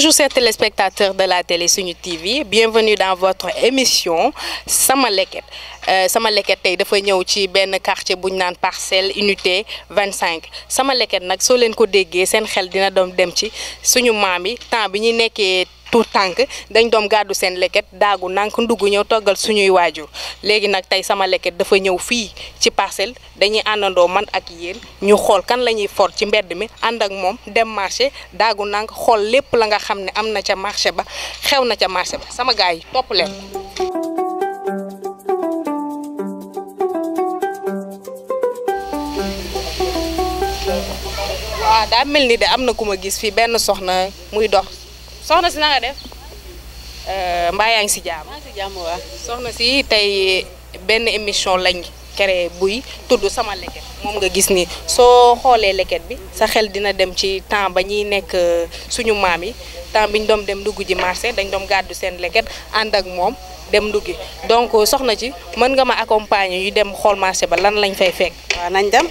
Bonjour chers téléspectateurs de la télé Suñu TV bienvenue dans votre émission Sama Leket euh, Sama Leket tey dafa ñëw ci benn quartier bu ñu naan parcelle unité 25 Sama Leket nag soo leen ko déggee seen xel dina doom dem ci suñu maam yi temps bi ñuy nekkee. tuut tànk dañ doom gàddu seen leket daagu nànk ndugg ñëw toggal suñuy waajur léegi nag tey sama leket dafa ñëw fii ci parcelle dañuy àndandoo man ak yéen ñu xool kan la ñuy for ci mbedd mi ànd ak moom dem marché daagu nànk xool lépp la nga xam ne am na ca marché ba xew na ca marché ba sama gaa yi topp leen waaw daa mel ni de am na ku ma gis fii benn soxna muy dox soxna si na nga def euh, mbaa yaa ngi si jàmm. maa si jàmm soxna si tey benn émission lañ créé buy tudd sama leket moom nga gis ni soo xoolee leket bi sa xel dina dem ci temps ba ñuy nekk euh, suñu maam yi temps bi ñu doon dem dugg ji marché dañ doon gàddu seen leket ànd ak moom dem duggi donc euh, soxna ci mën nga ma accompagner yu dem xool marché ba lan lañ fay fekk. waaw nañ dem.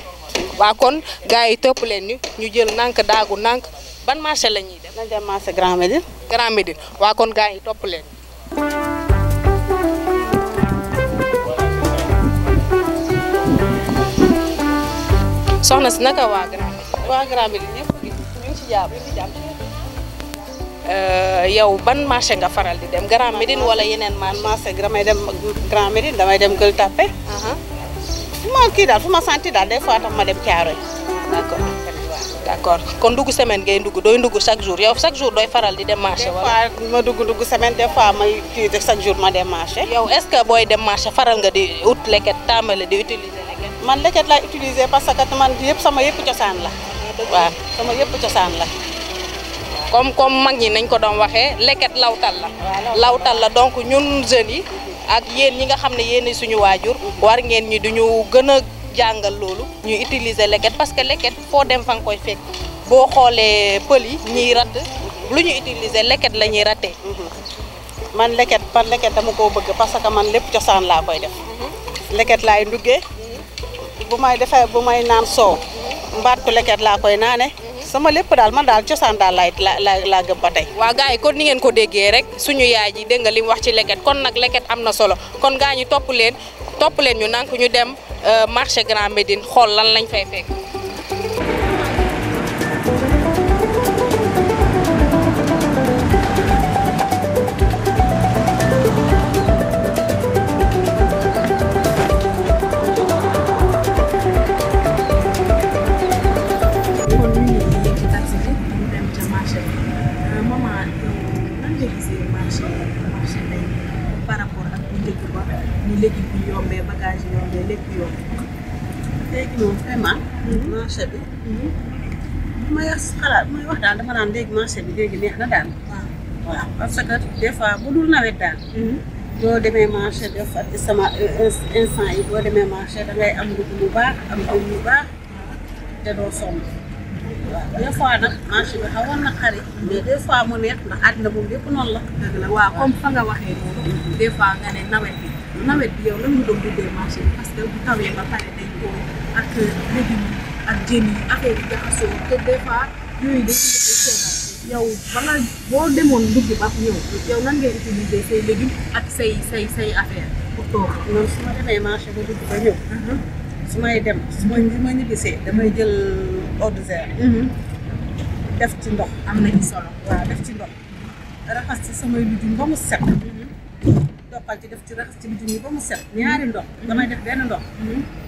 waa kon gars yi topp leen ñu jël nànk daagu nànk ban marché la ñuy def. nañ dem marché Grand Médine. waa kon gars yi topp leen. soxna si naka waa Grand Médine. Euh, yow ban marché nga faral di dem Grand Médine wala yeneen man marché damay dem Grand Médine damay dem Gueule Tapée. Uh-huh. fu ma kii daal fu ma santi daal des ma dem Thiaroye d'accord. d' accord kon dugg semaine ngay dugg dooy dugg chaque jour yow chaque jour dooy faral di dem marché wala. des fois ma dugg dugg semaine des fois may kii chaque jour ma dem marché. yow est ce que booy dem marché faral nga di ut leket tàmbali di utiliser man leket laay utiliser parce que man yëpp sama yëpp cosaan la. waaw sama yëpp cosaan la. comme comme mag ñi nañ ko doon waxee leket lawtal la. lawtal la donc ñun jeunes yi. ak yéen ñi nga xam ne yéen suñu waajur. war ngeen ñi duñu gën jàngal loolu ñu utiliser leket parce que leket foo dem fa nga koy fekk boo xoolee pël yi ñuy ratt lu ñu utiliser leket la ñuy rattee mhm. man leket man leket dama koo bëgg parce que man lépp cosaan laa koy def mhm. leket laay nduggee mhm. bu may defee bu may naan soow mbaatu leket laa koy naane sama lépp daal ma daal cosaan daal laay la laa gëm ba tey waa gars yi kon ni ngeen ko déggee rek suñu yaay ji dégg nga li mu wax ci leket kon nag leket am na solo kon gaa ñi topp leen topp leen ñu nank ñu dem euh, marché Grand Médine xool lan lañ fay fekk marché bi léegi neex na daal. waaw parce que des fois bu dul nawet daal. Mhm. boo demee marché def ak sama euh, instant yi boo demee marché da am lu bu baax am dugub bu baax te doo fois marché bi xawoon na xari mais des fois mu neex ndax àddina moom lépp noonu la. dëgg la waaw comme fa nga waxee noonu. nga ne nawet bi. nawet bi yow lan nga doon duggee marché parce que bu tawee ba pare dañ ko ak légumes ak jën yi affaire yi jaxasoo te des fois yooyu dañ ciy yow ba nga boo demoon dugg ba ñëw yow nan ngay utiliser say légumes ak say say say affaire pour toog loolu su ma demee marché ba dugg ba ñëw. Uh-huh. su may dem su ma su ma ñibbisee damay jël eau uh-huh. def ci ndox am na ci solo. waaw def ci ndox raxas ci samay légumes ba mu set. Uh-huh. xoqal ci def ci raxas ci bitim yi ba mu set ñaari ndox damay def benn ndox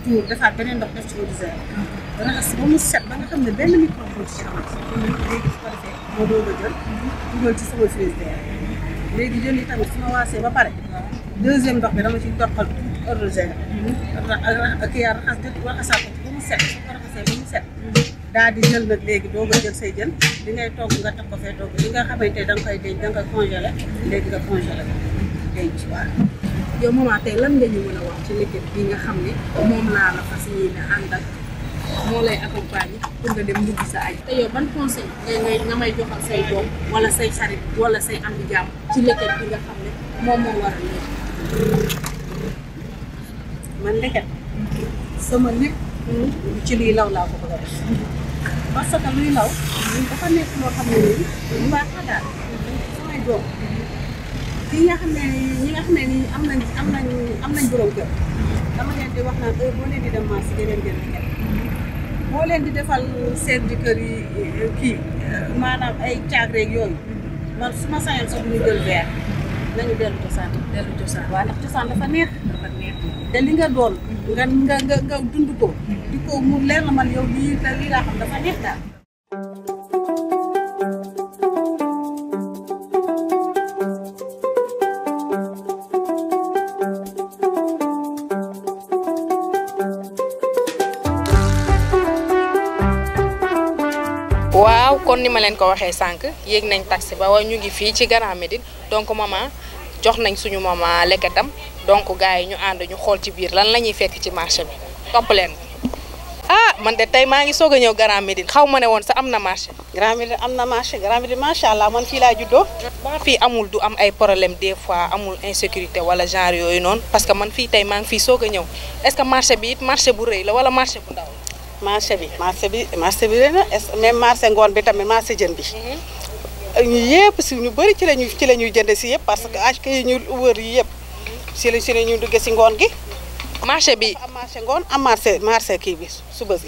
tuur defaat beneen ndox def ci eau de javel raxas ba mu set benn microbe du ci moo doog a jël dugal ci sama frigidaire léegi jën yi tamit su ba pare deuxième ndox bi dama ci toqal eau de javel ak yaa raxas de raxasaat ko ba set su daal di jël nag léegi doog jël say jën li ngay togg nga teg ko fee togg li nga xamante da nga koy denc da nga koy congelé léegi nga congelé ko denc yow maman tey lan nga ñu mën a wax ci liggéey bi nga xam ne moom laa la fas yéene ànd ak moo lay accompagner pour nga dem dugg sa aj te yow ban conseil ngay nga may joxal say doom wala say xarit wala say am di jàmm ci liggéey bi nga xam ne moom moo war a nekk man ndeket sama lépp ci luy law laa ko bëgg a def parce que luy law dafa nekk loo xam ne nii lu baax la daal samay doom ñi nga xam ne ñi nga xam ne nii am nañ am nañ am kër dama leen di wax naan heure boo leen di defal seen kër yi kii maanaam ay caag rek yooyu man su ma sañoon sax ñu jël weer nañu dellu cosaan dellu cosaan waaw ndax cosaan dafa neex dafa neex daal kon ni ma leen ko waxee sànq yéeg nañ taxi ba waaye ñu ngi fii ci Grand Médine donc maman jox nañ suñu maman leketam donc gars yi ñu ànd ñu xool ci biir lan la ñuy fekk ci marché bi topp leen ah man de tey maa ngi soog a ñëw Grand Médine xaw ma ne woon sax am na marché. Grand Médine am na marché Grand Médine macha allah man fii laa juddoo. ba fii amul du am ay problème de fois amul insécurité wala genre yooyu noonu parce que man fii tey maa ngi fii soog a ñëw est-ce bi it marché bu rëy la wala marché bu ndaw. marché bi marché bi marché bi rëy marché ngoon bi tamit marché jën bi. Mhm. ñu yëpp si ñu bëri ci la ñuy ci la ñuy jënd si yëpp parce que HK yi ñu wër yi yëpp si la ñu la duggee si ngoon gi. marché bi am marché ngoon am marché marché kii bi suba si.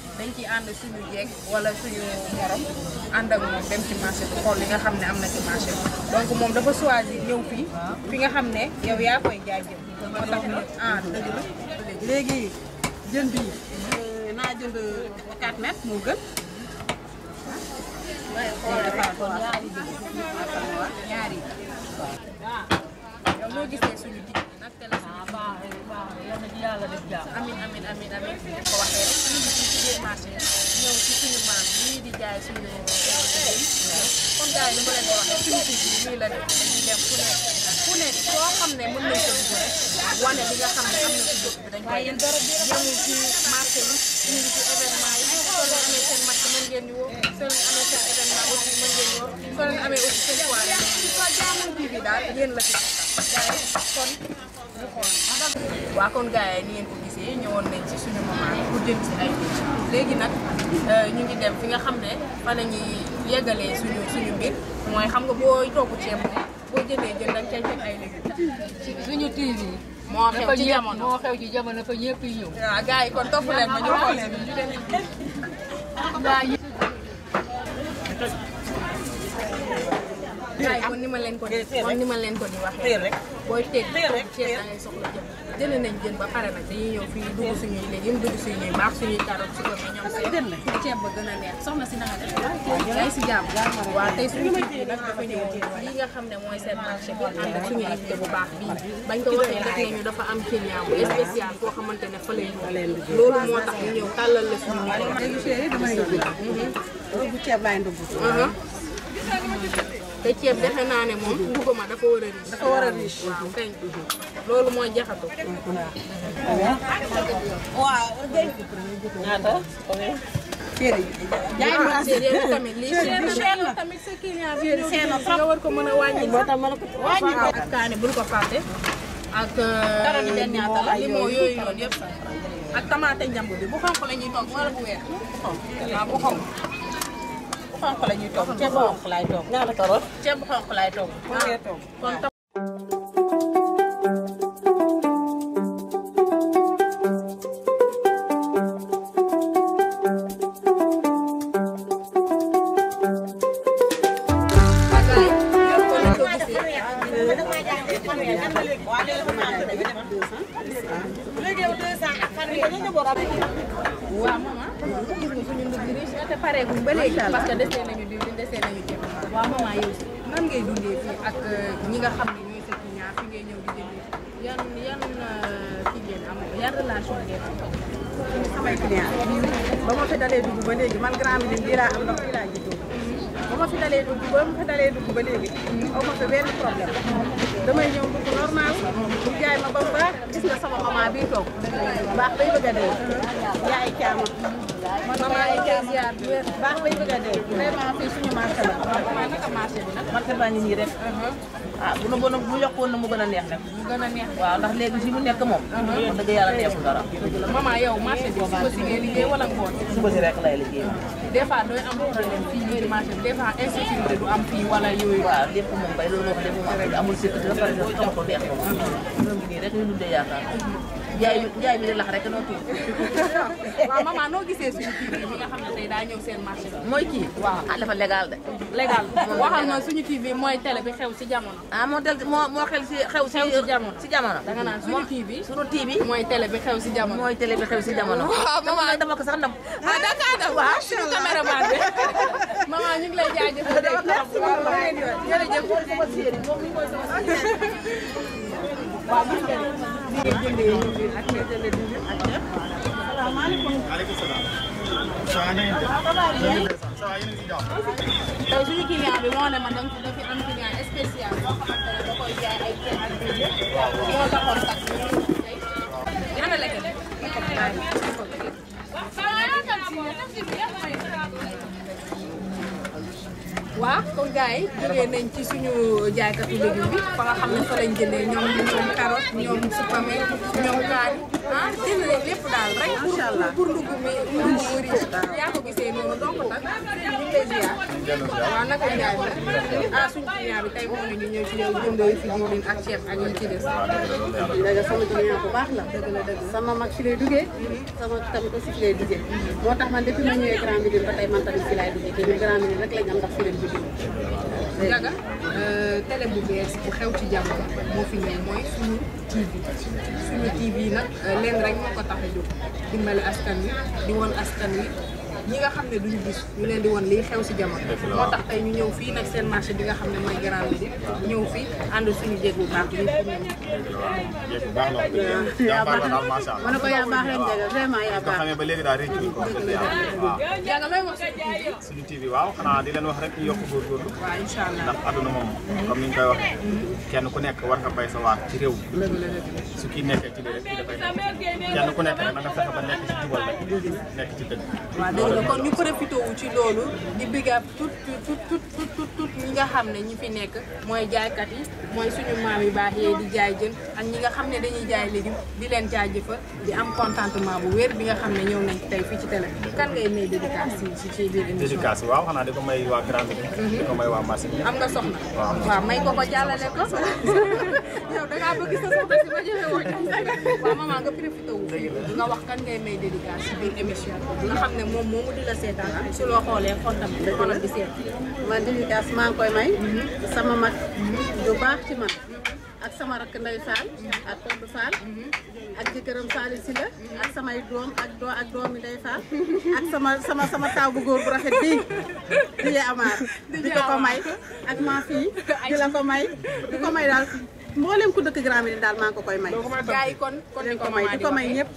dañ ciy ànd suñu jeeg wala suñu morom ànd ak moom dem ci marché bi xool li nga xam ne am na ci marché bi donc moom dafa choisir ñëw fii fi nga xam ne yow yaa koy jaay moo tax ah, léegi jën bi euh, naa jënd 4 mètres moo gën ah, ñaari gisee suñu jigéen ak téléphone waaw baax baax yàlla ci yàlla def jàmm amin amin amin amin fi ko waxee rek ñu ngi ci biir marché ñëw ci suñu maam lii di jaay suñu kon gars yi ni ma leen ko waxee suñu fii bi nii la def dañuy dem fu nekk fu nekk soo xam ne mën nañ ko dugg rek wane li nga xam ne am na ci dëkk bi dañ koy yem yemul ci marché yi ñu ngi ci événement yi soo leen amee seen match mën ngeen di woo soo leen amee seen événement aussi mën ngeen di woo soo leen amee aussi seen soirée soo jaamul bii bi daal yéen la ci waaw kon gars yi ni ngeen ko gisee ñëwoon nañ ci suñu maman pour jënd si ay nit léegi nag euh, ñu ngi dem fi nga xam ne fa la ñuy yeggalee suñu suñu mbir mooy xam nga boo togg ceeb bi boo jëndee jënd ak ceeb ay légumes. suñu TV. moo xew ci jamono moo xew ci jamono fa ñëpp yi ñëw. waaw gars yi kon topp leen ma ñu xool. gaay kon ni ma leen ko di kon ma leen ko di waxee booy teeg ceeb da ngay jën ba pare nag dañuy ñëw fii dugg suñuy léegi ñu dugg suñuy baax ceeb ba gën a neex soxna si nanga def si jàmm waaw tey suñu nag dafa ñëw lii nga xam ne mooy seen marché bi ànd ak suñu bu baax bii bañ ko waxee def nañu dafa am client bu spécial koo xamante ne fa lay loolu moo tax ñu ñëw tàllal la suñu léegi chéri damay dugg bu ceeb te ceeb defe naa moom mbuguma dafa a dafa war a riche waaw kañ loolu mooy jaxatu. waaw. ñaata. cere la tamit sa mën a wàññi wàññi ko ak kaani bul ko fàtte ak euh, yooyu noonu yëpp tamaate njamb bu xonq la ñuy togg wala bu weex waaw bu xonq xonq la ñuy a ceeb bu xonq laay togg. ñaata karoot a bu xonq laay togg. Euh, ñi nga xam ne ñooy seetlu ñaar fi ngay ñëw di jënd yan euh, ma fi dalee dugg ba léegi man ma fi dalee dugg ba ma fi ba léegi aw fi nga sama maman bii toog a dee caama man maa a marché la naka marché bi nag marché baa ngi nii rek ah bu na bon bu yokkoon na mu gën a neex nag mu gën a neex waaw ndax léegi si mu nekk moom wax dëgg yàlla neexul dara maman yow suba si ngay liggéey wala ngoon suba si rek lay liggéey des fois dooy am problème fii ñëw du am fii wala yooyu waaw lépp moom bay loolu wax lépp moom amul sécurité ba pare sax xam ko neex ko moom ñoom ngi nii rek ñu dundee yaakaar Njaay Njaay mi lax rek noo tuur. waaw maman noo gisee suñu TV bi nga xam ne tey daa ñëw seen marché mooy kii waaw ah dafa légal de. légal waxal na suñu TV mooy télé bi xew si jamono. ah moo tel moo moo xew si xew si jamono si jamono. da nga naan suñu TV suñu TV. mooy télé bi xew si jamono mooy télé bi xew si jamono. waaw maman dama ko sax ndam. ah d'accord d'accord suñu caméraman bi. maman ñu ngi lay jaajëfal de. jërëjëf. waaw tey suñu client bi moo ne ma da nga fi am client spécial boo xamante ne da koy jaay ay ceeb ak dugub yow la contact bi nga lekk waaw kon gars yi jógee ci suñu jaaykatu légume bi fa xam ne fa lañ jëndee ñoom ñoom carotte ñoom supame ñoom kaani ah dina lépp daal rek. macha yaa ko gisee noonu donc bi tey moo ne ñu ñëw ci yow jëndee fi diwlin ak des. dëgg sama bu baax la. dëgg sama mag ci lay duggee. sama tamit aussi fi lay duggee. moo tax man depuis ma ñëwee Grand Médine ba tey man tamit fi laay duggee te ñun Grand Médine rek lañ am ndax fi duggee. dëgg la bu bees bu xew ci jàmm moo fi ñëw mooy suñu. TV suñu TV nag lenn rek moo ko tax a jóg dimbale askan wi di woon askan wi ñi nga xam ne duñu gis ñu leen di woon liy xew si jamono moo tax tey ñu ñëw fii nag seen marché bi nga xam ne mooy Grand Médine ñëw fii ànd suñu jéeg bu baax bi baax ma ne ko yaa baax leen jéeg vraiment yaa baax ko yaa nga looy wax suñu TV waaw xanaa di leen wax rek ñu yokk góorgóorlu waaw incha allah ndax àdduna moom comme ni ñu koy wax kenn ku nekk war nga bay sa waat ci réew su kii nekkee ci lii rek kenn ku nekk rek na nga ba nekk ci jubal rek nekk ci loolu kon ñu profité wu ci loolu di big up tout tout tout ñi nga xam ne ñi fi nekk mooy jaaykat yi mooy suñu maam yu baax yee di jaay jën ak ñi nga xam ne dañuy jaay légume di leen jaajëfal di am contentement bu wér bi nga xam ne ñëw nañ tey fii ci télé kan ngay may dédicace ci ci biir émission dédicace waaw xanaa di ko may waa grand mhm. bi am nga soxna may ko ko jàllale ko yow da ngaa bëgg sa soxna si ma jëlee woon waaw maman nga profité wu nga wax kan biir émission nga xam ne moom moomu di la seetaan ah su loo xoolee xol tam xolam bi seet man dédicace maa ngi koy may mhm. sama mag du baax ci man ak sama rakk Ndey Fall ak Tontu Fall mhm. ak jëkkëram Fall si la ak samay doom ak doo ak doomi Ndey Fall ak sama sama sama taw bu góor bu rafet bii di amaar di ko may ak maa di la ko may di ko may daal mboolem ku dëkk Grand Médine maa ngi ko koy may. gaa yi kon kon ni ko may di ko may ñëpp.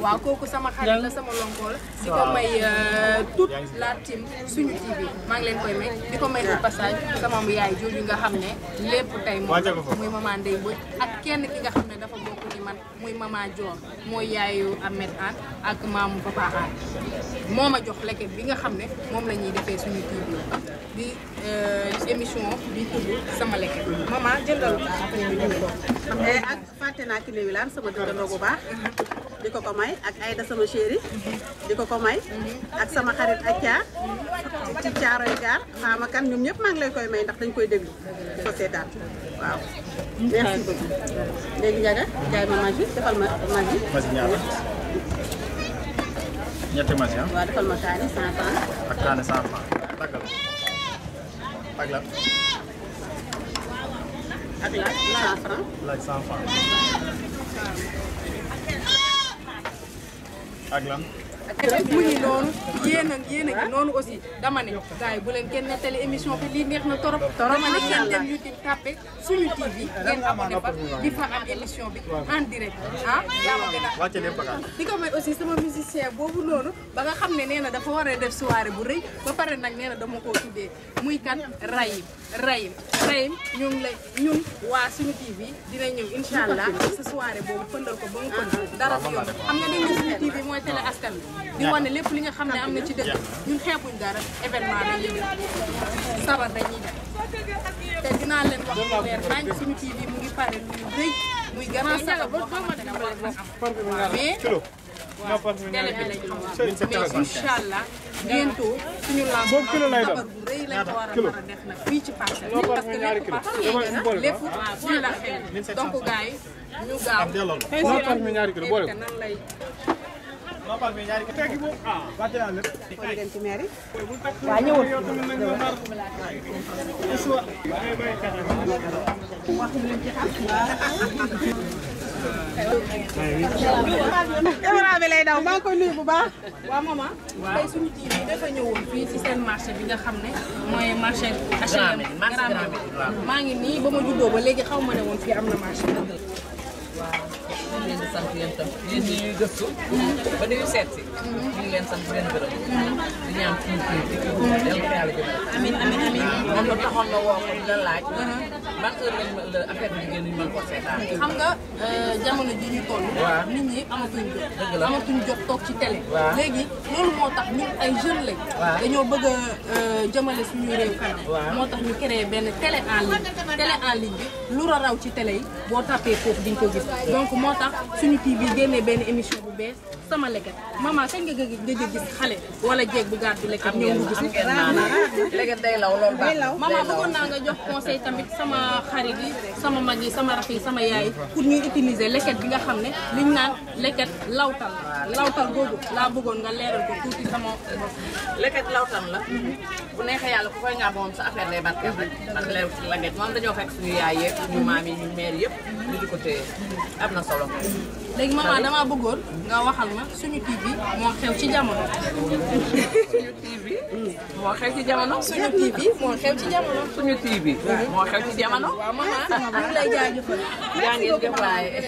waaw kooku sama xarit la sama lonkool. di ko may euh, toute la team suñu TV maa ngi leen koy may. di ko may au passage sama yaay jooju nga xam ne lépp tey moom muy maman Ndeye Mbodj ak kenn ki nga xam ne dafa. muy maman Dior mooy yaayu Ahmed Anne ak maamu Papa Anne moo ma jox leket bi nga xam ne moom la ñuy defee suñu kii bi di euh, émission bi tudd sama leket. maman jëndal ko xam ñu ak fàtte naa ki ne wilaan sama dëkkandoo bu baax. Mhm. di ko ko may ak Aïda sama chéri mhm. di ko ko may mhm. ak sama xarit ak caa ci caaroy gaar xaama kan ñoom ñëpp maa ngi lay koy may ndax dañ koy déglu société waaw merci beaucoup léegi ma magi defal ma magi. magi ñaar ñetti magi ah. waaw defal ma kaani 100 francs. ak kaani 100 francs tàggal mu ngi noonu yéen a yéen a ngi noonu aussi dama ne gars yi bu leen kenn nettali émission bi lii neex na torop dama ne ngeen dem YouTube tàppe suñu TV ngeen abonné ba di fa am émission bi en direct ah yaa a di ko may aussi sama musicien boobu noonu ba nga xam ne nee na dafa war a def soirée bu rëy ba pare nag nee dama koo tuddee muy kan Rahim Rahim Rahim ñu ngi lay ñun waa suñu TV dina ñëw incha allah sa soirée boobu fëndal ko ba mu fëndal ah, dara du yoon xam nga dañ ne suñu TV mooy télé askan di wane lépp li nga xam ne am na ci dëkk ñun xeebuñ dara événement dañuy def sabar dañuy def te dinaa leen wax lu leer nañ suñu TV mu ngi pare lu rëy muy grand sabar boo xamante ne war na am mais mais rëy lañ ko war a mën a def nag fii ci parcelle parce que lépp parcelle lépp la dem ci mairie waa ñëwul wax ñu leen bi fii ci seen marché bi nga xam ne mooy marché HLM maa ngi nii ba ma juddoo ba léegi xaw ma ne woon fii am na marché dëgg ñu ngi leen di sant yéen tam yéen ñi ñuy gëstu ba dañuy seet si ñu ngi leen sant seen gërëm di ñaan suñu kii di kii boobu yàlla ko yàlla ko la laaj bi jigéen ñu mën ko seetaan xam nga jamono ji ñu toll nit ñi amatuñ jot dëgg toog ci télé waaw léegi loolu moo tax ñun ay jeunes lañ dañoo bëgg a jëmale suñu réew kanam moo tax ñu créé benn télé en télé en bi lu raw ci télé yi boo tapee foofu diñ ko gis tax suñu TV génnee benn émission bees sama leket maman kañ nga gëj a gis xale wala jeeg bu gàddu leket ñëw mu gis leket day law loolu baax maman bëggoon naa nga jox conseil tamit sama xarit yi sama mag yi sama rakk yi sama yaay pour ñuy utiliser leket bi nga xam ne liñ naan leket lawtal lawtal boobu laa bëggoon nga leeral ko tuuti sama leket lawtal la bu neexee yàlla ko koy nga moom sa affaire lay barkeel rek ndax lew laget moom dañoo fekk suñu yaay yeeg suñu maam yi ñu meer yëpp ñu di ko téye am na solo léegi maman damaa bëggoon nga waxal ma suñu TV moo xew ci jamono. suñu TV. moo xew ci jamono. suñu TV moo xew ci jamono. suñu TV. moo xew ci jamono. waaw maman ñu ngi lay jaajëfal. yaa ngi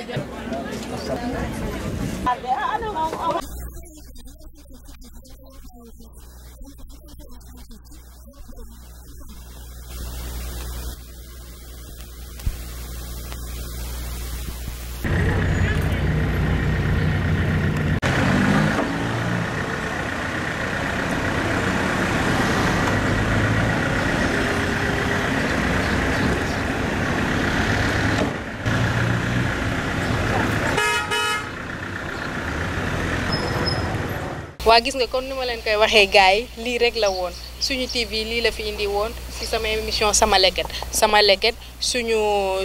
waa gis nga kon ni ma leen koy waxee gars yi lii rek la woon suñu TV lii la fi indi woon ci sama émission sama leget sama leket suñu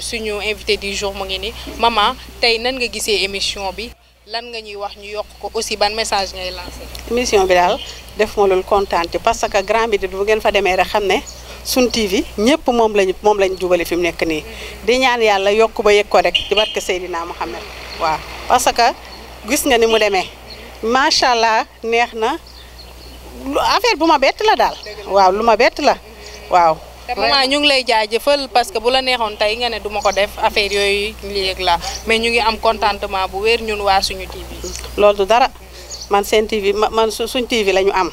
suñu invité du jour mu ngi ni maman tey nan nga gisee émission bi lan nga ñuy wax ñu yokk ko aussi ban message ngay lancé. émission bi daal def ma loolu kontaan parce que grand bi bu ngeen fa demee rek xam ne. Sun TV ñëpp moom lañ moom lañ jubali fi mu nekk nii di ñaan yàlla yokk ba yëg ko rek ci barke Seydina Mouhamed waaw parce que gis nga ni mu demee. macha allah neex na lu affaire bu ma bett la daal. waaw lu ma bett la waaw. te ñu ngi lay jaajëfal parce que bu la neexoon tey nga ne duma ko def affaire yooyu léegi la mais ñu ngi am contentement bu wér ñun waa suñu TV. loolu du dara man seen TV man suñ TV la ñu am.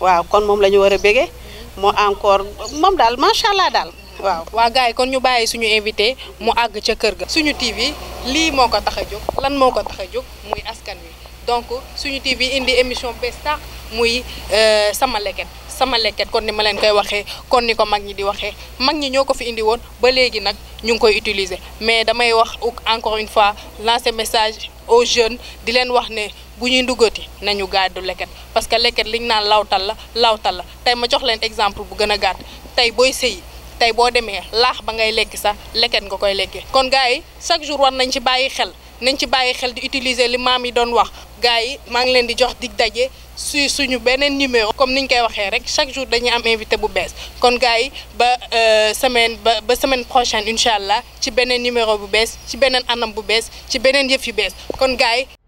waaw kon moom la ñu war a bége moo encore moom daal macha allah daal waaw. waa gars yi kon ñu bàyyi suñu invité mu àgg ca kër ga. suñu TV lii moo ko tax a jóg lan moo ko tax a jóg muy askan wi. donc suñu TV indi émission bees tax muy euh, sama leket sama leket kon ni ma leen koy waxee kon ni ko mag ñi di waxee mag ñi ñoo ko fi indi woon ba léegi nag ñu ngi koy utiliser mais damay wax encore une fois lancer message aux jeunes di leen wax ne bu ñuy nduggati nañu gàddu leket parce que leket liñ naan lawtal la lawtal la tey ma jox leen exemple bu gën a gàtt tey booy sëyi tey boo demee laax ba ngay lekki sax leket nga koy lekkee kon gars yi chaque jour nañ ci bàyyi xel. nañ ci bàyyi xel di utiliser li maam yi doon wax gars yi maa ngi leen di jox dig daje su suñu beneen numéro comme niñ koy waxee rek chaque jour dañuy am invité bu bees kon gaay yi ba euh, semaine ba ba semaine prochaine incha allah ci beneen numéro bu bees ci beneen anam bu bees ci beneen yëf yu bees kon gars